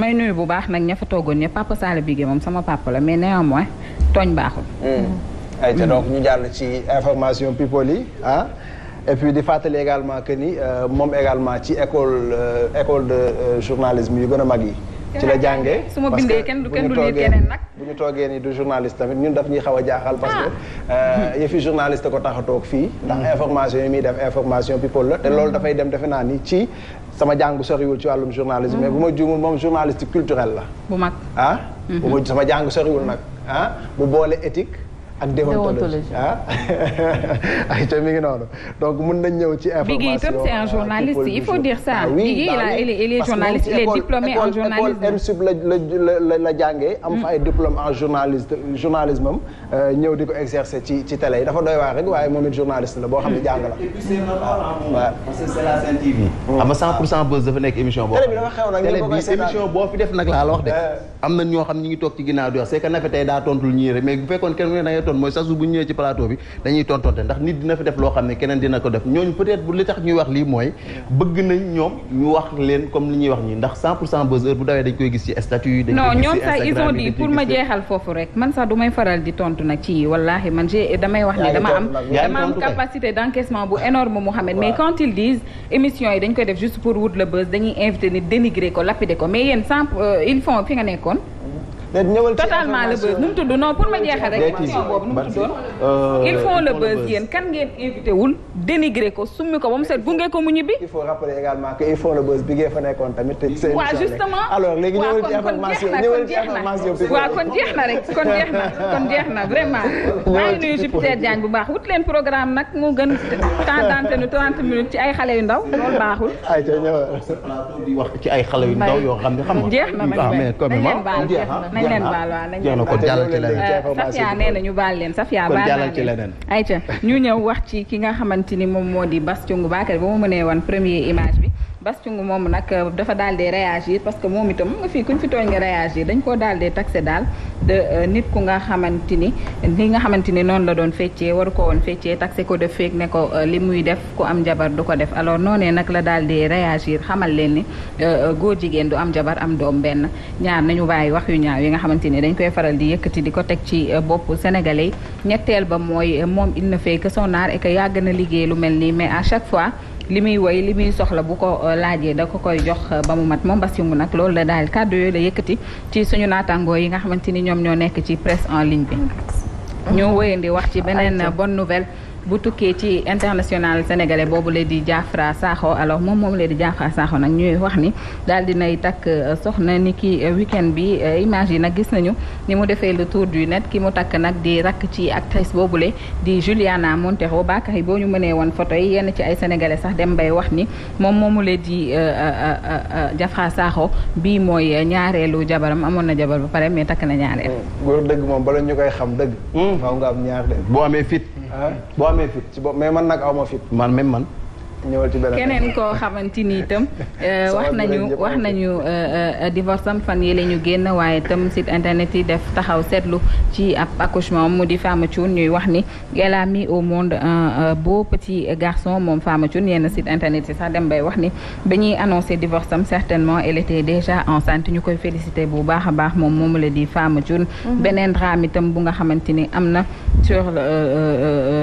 may nuyu bu baax nag ña fa toogoon ñëpp papa Sala Bigué moom sama papa la mais néanmoins tooñ baaxul. Mm. Mm. ay te mm. donc ñu jàll ci information people yi ah et puis di fàttali également que ni euh, moom également ci école euh, école de euh, journalisme yu gën a mag yi. ci la jàngee su ma bindee kenn du kenn du nag bu ñu toogee ni du journaliste tamit ñun daf ñuy xaw a jaaxal parce que ah. euh, yëfi journaliste ko tax a toog fii ndax hmm. information yi muy def information people la te loolu hmm. dafay dem defe naa ni ci sama jàng bu soriwul ci wàllum journalisme mais bu ma hmm. juumul moom journaliste culturel la bu mag ah bu ma sama jàng soriwul nag ah bu boole éthique ak déontologie ah ay ta mi ngi noonu donc mën nañ ñëw ci information Bigui itam c'est un euh, journaliste il faut dire ça Bigui il la la la jàngee am fa ay diplôme en journaliste journalisme am euh, ñëw di ko exercer ci ci télé yi dafa doy waar rek waaye moom it journaliste la boo xam ne jàng la et puis c'est normal parce que c'est hmm. nekk émission boo télé bi dafa xew nag télé fi def nag laa wax de euh. am na ñoo xam ñu ngi toog ci ginnaaw di wax c'est que daa tontul ñii mais bu fekkoon kenn tontu mooy sax su bu ñëwee ci plateau bi dañuy tontonte ndax nit dina fi def loo xam ne keneen dina ko def ñooñu peut-être bu li tax ñuy wax lii mooy bëgg nañ ñoom ñu wax leen comme li ñuy wax ñi ndax 100 pour cent buzz heure bu dawee dañ koy gis ci statut yi dañ non ñoom sax ils ont dit pour ma jeexal foofu rek man sax du may faral di tontu nag ci wallaahi man j damay wax ne dama am dama am capacité d'encaissement bu énorme Mouhamed mais quand ils disent émission yi koy def juste pour wut le buzz dañuy invité nit dénigrer ko mais yéen sans euh, ils font fi nga nekkoon ñëwal totalement le buzz nu mu tudd non pour ma jeexal rek euh, il faut le buzz yéen kan ngeen invité wul dénigré ko summi ko ba mu set gunge ko mu ñibbi il faut rappeler également que il faut le bi ngeen fa nekkoon tamit waaw justement léegi ñëwal ci information ñëwal kon jeex kon jeex vraiment maa ngi nuyu Jupiter bu baax wut leen programme nag mu gën temps d'antenne 30 minutes ci ay xale yu ndaw loolu baaxul ay ca ñëwal di ci ay xale yu ndaw yoo xam xam nga jeex na ah, nag nañ leen baal waaw nañ leen baal jàll ci leneen Safia nee na ñu baal leen Safia baal naa leen ayca ñu ñëw wax ci ki nga xamante ni moom moo di Bass Thioung Bakary ba mu mënee woon premier image Bass Thioung moom nag euh, dafa daal di réagir parce que moom itam nga fii kuñ fi tooñ nga réagir dañ ko daal di taxé daal de euh, nit ku nga xamante ni li nga xamante ni noonu la doon feccee waru ko woon feccee taxé ko def feeg ne ko euh, li muy def ku am jabar du ko def alors noonee nag la daal di réagir xamal leen ni góor jigéen du am jabar am doom benn ñaar nañu bàyyi wax yu ñaaw yi nga xamante ni dañ koy faral di yëkkati di ko teg ci bopp sénégalais ñetteel ba mooy moom il ne fait que son yàgg na liggéey lu mel nii mais à chaque fois li muy woy li muy soxla bu ko euh, laajee da ko koy jox euh, ba mu mat moom mu nag loolu la daal kàddu yooyu la yëkkati ci suñu naataangoo yi nga xamante ni ñoom ñoo nekk ci presse en ligne bi. ñu wéyandi wax ci beneen euh, bonne nouvelle. bu tukkee ci international sénégalais boobu le di Diafra Sakho alors moom moom la di Diafra Sakho nag ñuy wax ni daal di nay takk euh, soxna ni ki euh, weekend bi euh, image yi nag gis nañu ni mu defee le tour du net ki mu takk nag di rakk ci actrice boobule di Juliana Montero Bakary boo ñu mënee woon photo yi yenn ci ay sénégalais sax dem bay wax ni moom moomu la di Diafra Sakho bii mooy ñaareelu jabaram amoon na jabar ba pare mais takk na ñaareel. góor dëgg hmm. boo amee fit. boo amee fit ci bopp mais man nag aw ma fit man même man. ñëwal ci beneen keneen koo xamante ni itam. Euh, wax nañu wax nañu euh, euh, divorce am fan yële ñu génn waaye itam site internet yi def taxaw seetlu ci ab accouchement mu di Fama Thioune ñuy wax ni elle a mis au monde un beau petit garçon moom Fama Thioune yenn site internet yi sax dem bay wax ni ba ñuy annoncé divorce am certainement elle était déjà enceinte ñu koy félicité bu baax a baax moom moomu la di Fama Thioune. Mhm. beneen drame itam bu nga xamante ni am na sur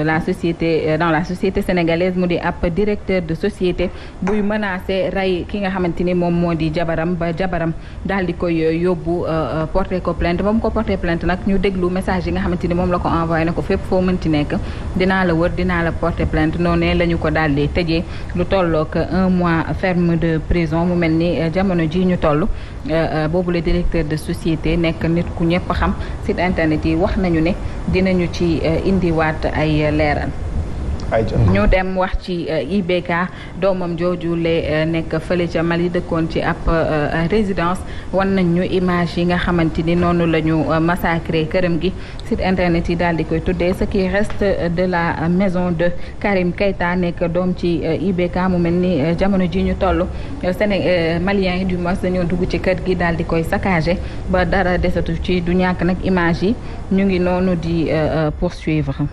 la société dans la société sénégalaise mu di ab directeur. agresseur de société buy menacé rey ki nga xamante ni moom moo di jabaram ba jabaram daal di koy euh, yóbbu euh, euh, porté ko plainte ba mu ko porté plainte nag ñu déglu message yi nga xamante ni moom la ko envoyé na ko fépp foo mënti nekk dinaa la wër dinaa la porté plainte noonu la ñu ko daal di tëjee lu tollook un mois ferme de prison mu mel ni jamono ji ñu toll boobu le directeur de société nekk nit ku ñëpp xam site internet yi wax nañu ne dinañu ci indiwaat ay leeral ñu dem wax ci euh, IBK doomam jooju le euh, nekk fële ca Mali dëkkoon ci ab euh, résidence wan nañ ñu image yi nga xamante ni noonu la ñu massacré këram gi site internet yi daal di koy tuddee ce qui reste de la maison de Karim Keita nekk doom ci IBK mu mel ni jamono ji ñu toll Séné Maliens yi du moins dañoo dugg ci kër gi daal di koy saccagé ba dara desatu ci du ñàkk nag image yi ñu ngi noonu di poursuivre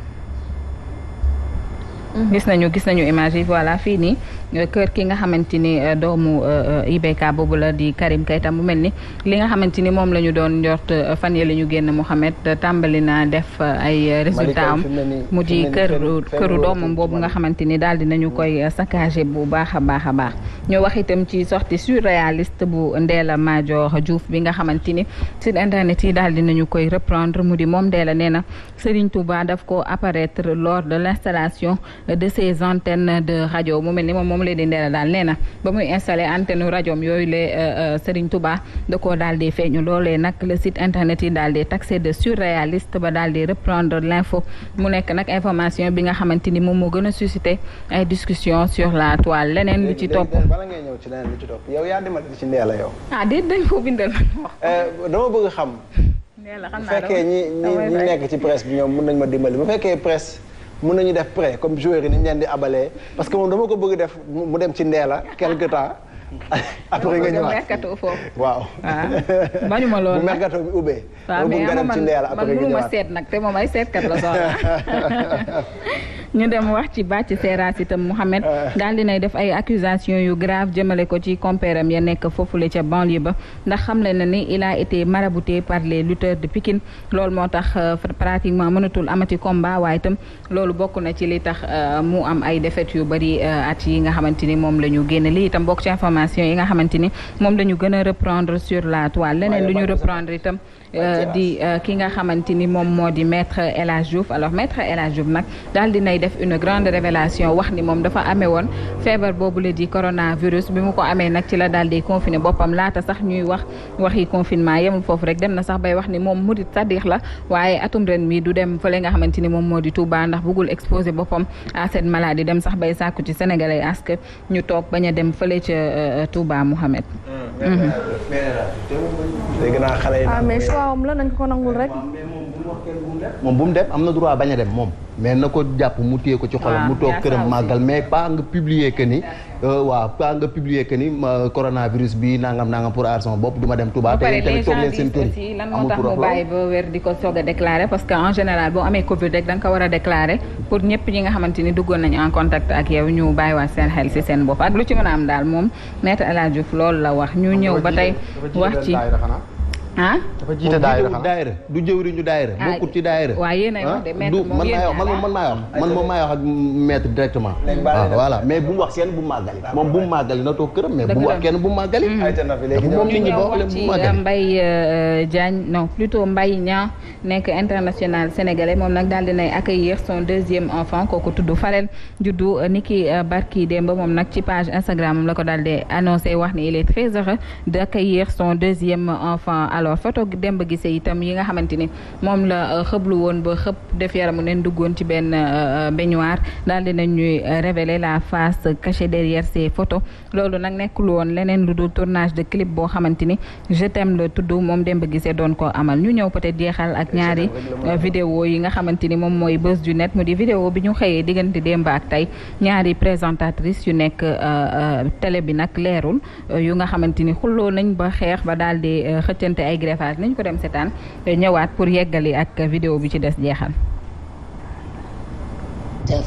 gis nañu gis nañu image yi voilà fii nii kër ki nga xamante ni euh, doomu euh, IBK boobu la di Karim Keita mu mel ni li nga xamante ni moom la ñu doon njort euh, fan yee la ñu génn Mouhamed tàmbali na def ay résultat am mu di këru këru doomam boobu nga xamante ni daal dinañu mm. koy saccagé bu baax a baax a baax ñu wax ci ci sortie surréaliste bu Ndella Madior Diouf bi nga xamante ni site internet yi daal dinañu koy reprendre mu di moom Ndella nee na Serigne Touba daf ko apparaître lors de l'installation de ses antennes Moulay Ndéla ba muy installé antenne rajoom yooyu la euh, euh, Serigne Touba da koo daal di feeñu loolee nag le site internet yi daal di taxé de ba daal reprendre l'info mu nekk nag information bi nga xamante ni moom moo gën a suscité ay discussion sur la toile leneen lu ci topp. bala ngay ñëw ci leneen lu ci topp yow ah, euh, dama bëgg xam. bu fekkee ñi ñi nekk ci presse bi ñoom mën nañ ma dimbali bu fekkee presse. mun nañu def prêt comme joueur yi ni ñu leen di abalee parce que moom dama ko bëgg def mu dem ci ndeela quelque temps après nga ñëwaat mercato foofu waaw ah. bañu ma loolu bu mercato bi ubbee waaw mais man ci mënuma seet nag te moom ay seetkat la soxla ñu dem wax ci bàcc seeraas itam Mouhamed ah. daal dinay def ay accusations yu grave jëmale ko ci compéram ya nekk foofule ca banlieue ba ndax xam le na ni il a été marabouté par les lutteurs de Pikine loolu moo tax euh, pratiquement mënatul amati combat waaye itam loolu bokk na ci li tax euh, mu am ay défaites yu bari euh, at yi nga xamante ni moom la ñu génn li itam bokk ci information yi nga xamante ni moom la gën a reprendre sur la toile leneen lu ñu reprendre itam di ki nga xamante ni moom moo di maitre El Hadj Diouf alors maître nag def une grande révélation wax ni moom dafa amee woon feebar boobu la di coronavirus bi mu ko amee nag ci la daal di confiné boppam laata sax ñuy wax waxi confinement yemul foofu rek dem na sax bay wax ni moom murit sadix la waaye atum ren mi du dem fële nga xamante ni moom moo di Touba ndax bëggul exposé boppam à cette maladie dem sax bay sàkku ci sénégalais parce que ñu toog bañ a dem fële ca Touba Mouhamed. dégg moom bu dem am na droit bañ a dem moom mais na ko jàpp mu téye ci xolam ah, mu toog këram màggal mais pas nga publier que ni euh, waaw pas nga publier que ni coronavirus bi nangam nangam pour aar bopp du dem Touba te seen kër a lu ci mën am daal moom maître El Hadj la wax ñu ñëw ba tey wax ci ah dafa du jëwriñu daayira ah, bokkut ci daayira ah, moom yéen ñaar man maa wax man moom maa wax ak maître directement ah, voilà mais bu mu wax kenn bu mu moom bu mu màggali na toog plutôt Mbaye Niang nekk international sénégalais moom nag daal dinay accueillir son deuxième enfant kooku tudd Farel juddu euh, niki euh, barki démb moom nag ci page Instagram moom la ko daal wax ne il est très heureux son deuxième enfant alors photo Demba Guissé itam yi nga xamante ni moom la euh, xëblu woon ba xëpp def yaramu neen duggoon ci benn euh, euh, baignoire daal de nañ ñuy révéler la face cachée derrière ces photos loolu nag nekkul woon leneen lu dul tournage de clip boo xamante ni je la tudd moom Demba Guissé doon ko amal ñu ñëw peut-être ak ñaari vidéo yi nga xamante ni moom mooy buzz du net mu di vidéo bi ñu xëyee digante démb ak tey ñaari présentatrice yu nekk télé bi nag leerul yu nga ay greffage ko dem seetaan ñëwaat pour yeggali ak vidéo bi ci des jeexal.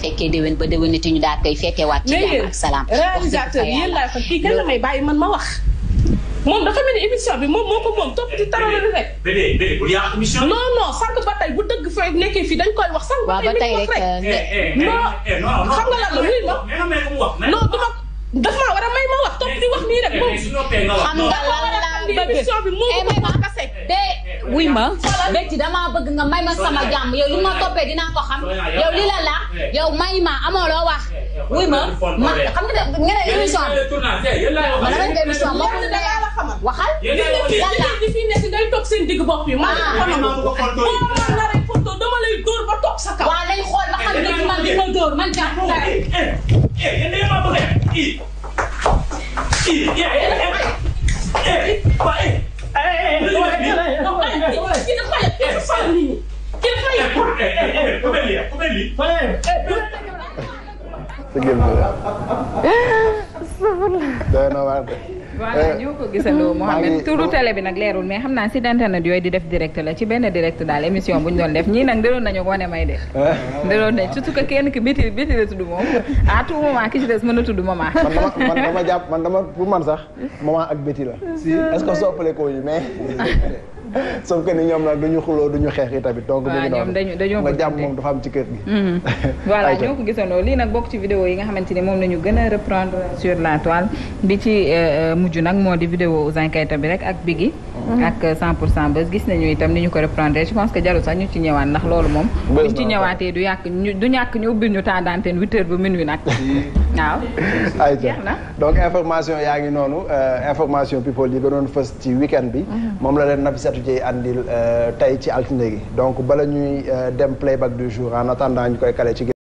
fekkee ba déwénati ñu daal koy fekkeewaat. ci ma wax. moom non non sànq ba tey bu dëgg fa nekkee fii dañ koy wax. sànq ba tey non xam nga lan la wuy non du ma may ma wax topp di wax nii rek eh, eh, moom. xam nga lan émission bi moo ko ko eh, kase wuy ma bétti damaa bëgg nga may ma sama jàmm yow li ma toppee dinaa ko xam yow li la la eh, eh, yow may ma amoo loo wax wuy ma ma xam nga ne nga ne émission ma dama ne émission ma ko ne waxal yàlla di fi nekk ngay toog seen digg bopp yi ma ah. la rek photo dama lay dóor ba toog sa kaw waaw lay xool ba xam ne man di ma dóor man jàpp naa waaw. voilà eh, ñoo ko gisandoo Mohamed turu télé bi nag leerul mais xam naa si internet yooyu di def direct la ci benn direct daal émission bu doon def ñii nag daloon nañu wane may de eh. daloon nañ surtout que kenn ki biti la tudd moom à tout moment ki ci des mën a ma maman man dama jàpp man dama pour man sax maman ak biti la si que soo appelé ko yi sauf que ni ñoom nag duñu xuloo duñu xeex yi tamit donc mu ah, dañu noonu nga jàmm moom dafa am ci kër gi mhm. voilà ñoo ko gisandoo lii nag bokk ci vidéo yi nga xamante ni moom la ñu gën a reprendre sur la toile bi ci euh, euh, mujj nag moo di vidéo Ouzin bi rek ak Biggi Mm-hmm. ak 100 pour cent bés gis nañu itam ni ñu ko reprendre je pense que jarul sax ñu ci ñëwaat ndax loolu moom. buñ ci ñëwaatee du yàq ñu du ñàkk ñu ubbil ñu temps d'antenne huit heures ba minuit nag. waaw. ayca donc information yaa ngi noonu euh, information people yi gënoon fës ci weekend bi. Mm-hmm. moom la leen Nafissatou Dieye andil euh, tey ci altine gi donc bala ñuy euh, dem playback du jour en attendant ñu koy kale ci.